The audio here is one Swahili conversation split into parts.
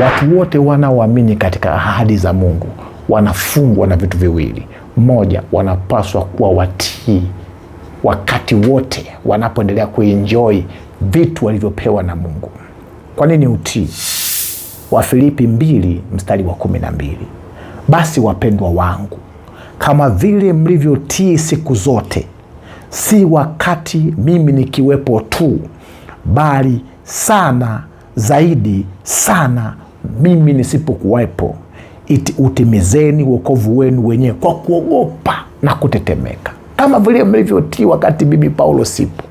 Watu wote wanaoamini katika ahadi za Mungu wanafungwa na vitu viwili. Moja, wanapaswa kuwa watii wakati wote wanapoendelea kuenjoi vitu walivyopewa na Mungu. Kwa nini utii? Wafilipi mbili mstari wa kumi na mbili basi wapendwa wangu, kama vile mlivyotii siku zote, si wakati mimi nikiwepo tu, bali sana zaidi sana mimi nisipokuwepo, utimizeni uokovu wenu wenyewe kwa kuogopa na kutetemeka, kama vile mlivyotii wakati mimi Paulo sipo.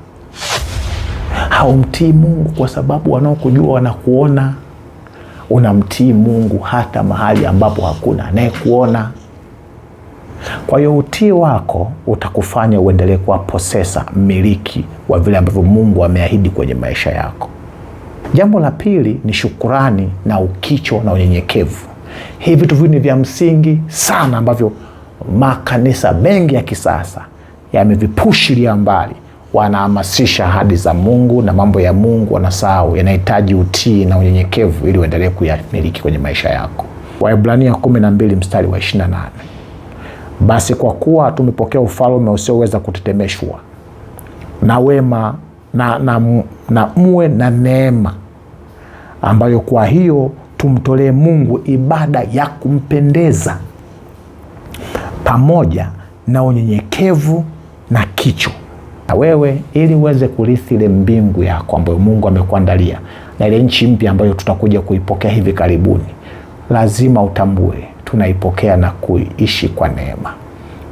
Haumtii Mungu kwa sababu wanaokujua wanakuona. Unamtii Mungu hata mahali ambapo hakuna anayekuona. Kwa hiyo utii wako utakufanya uendelee kuwa posesa, mmiliki wa vile ambavyo Mungu ameahidi kwenye maisha yako. Jambo la pili ni shukurani na ukicho na unyenyekevu. Hivi vitu vingi ni vya msingi sana ambavyo makanisa mengi ya kisasa yamevipushilia mbali. Wanahamasisha ahadi za Mungu na mambo ya Mungu wanasahau, yanahitaji utii na unyenyekevu ili uendelee kuyamiliki kwenye maisha yako. Waebrania 12 mstari wa 28, basi kwa kuwa tumepokea ufalme usioweza kutetemeshwa na wema na, na, na muwe na neema ambayo kwa hiyo tumtolee Mungu ibada ya kumpendeza pamoja na unyenyekevu na kicho na wewe, ili uweze kurithi ile mbingu yako ambayo Mungu amekuandalia na ile nchi mpya ambayo tutakuja kuipokea hivi karibuni, lazima utambue tunaipokea na kuishi kwa neema,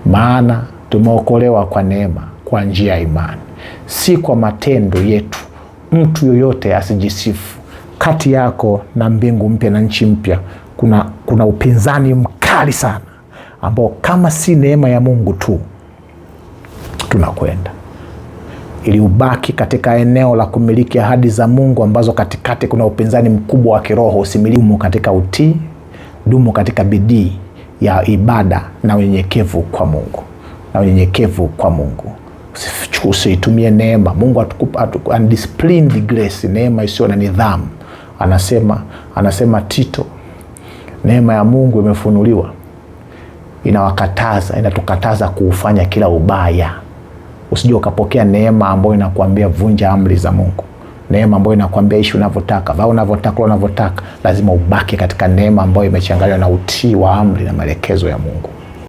maana tumeokolewa kwa neema kwa njia ya imani, si kwa matendo yetu. Mtu yoyote asijisifu. Kati yako na mbingu mpya na nchi mpya kuna, kuna upinzani mkali sana ambao kama si neema ya Mungu tu tunakwenda ili ubaki katika eneo la kumiliki ahadi za Mungu ambazo katikati kuna upinzani mkubwa wa kiroho. Usimilimu katika utii, dumu katika bidii ya ibada na unyenyekevu kwa Mungu, na unyenyekevu kwa Mungu usiitumie neema. Mungu atukupa undisciplined grace, neema isiyo na nidhamu. Anasema, anasema Tito, neema ya Mungu imefunuliwa inawakataza, inatukataza kuufanya kila ubaya. Usije ukapokea neema ambayo inakuambia vunja amri za Mungu, neema ambayo inakuambia ishi unavyotaka, vaa unavyotaka, unavyotaka. Lazima ubaki katika neema ambayo imechanganywa na utii wa amri na maelekezo ya Mungu.